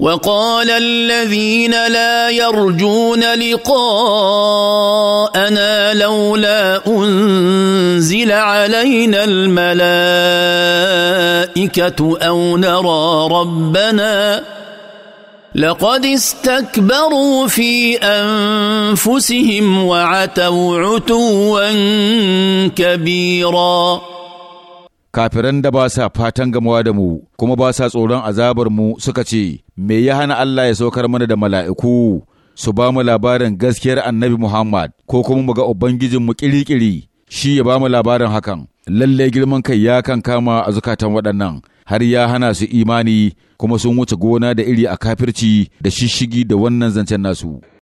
وقال الذين لا يرجون لقاءنا لولا انزل علينا الملائكه او نرى ربنا لقد استكبروا في انفسهم وعتوا عتوا كبيرا kafiran da ba sa fatan gamawa da mu kuma ba sa tsoron azabar mu suka ce me ya hana Allah ya saukar mana da mala'iku su ba mu labarin gaskiyar annabi Muhammad ko kuma mu ga ubangijin mu kirikiri shi ya ba mu labarin hakan lalle girman kai ya kan kama a zukatan waɗannan har ya hana su imani kuma sun wuce gona da iri a kafirci da shishigi da wannan zancen nasu